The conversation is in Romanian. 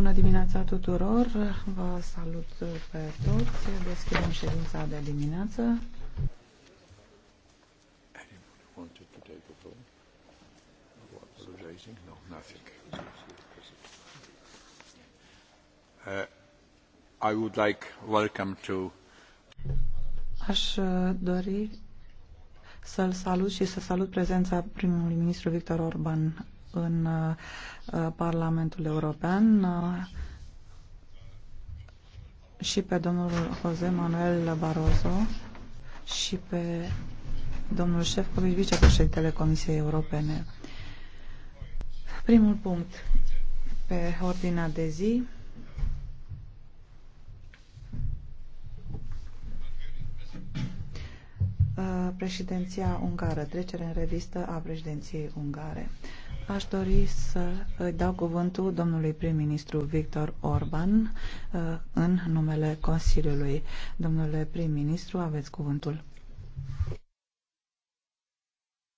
Bună dimineața tuturor, vă salut pe toți, deschidem ședința de dimineață. Uh, I would like welcome to Aș uh, dori să-l salut și să salut prezența primului ministru Victor Orban în uh, Parlamentul European uh, și pe domnul Jose Manuel Barroso și pe domnul Șefcovici, vicepreședintele Comisiei Europene. Primul punct pe ordinea de zi uh, președinția ungară, trecere în revistă a președinției ungare. Aș dori să îi dau cuvântul domnului prim-ministru Victor Orban uh, în numele Consiliului. Domnule prim-ministru, aveți cuvântul.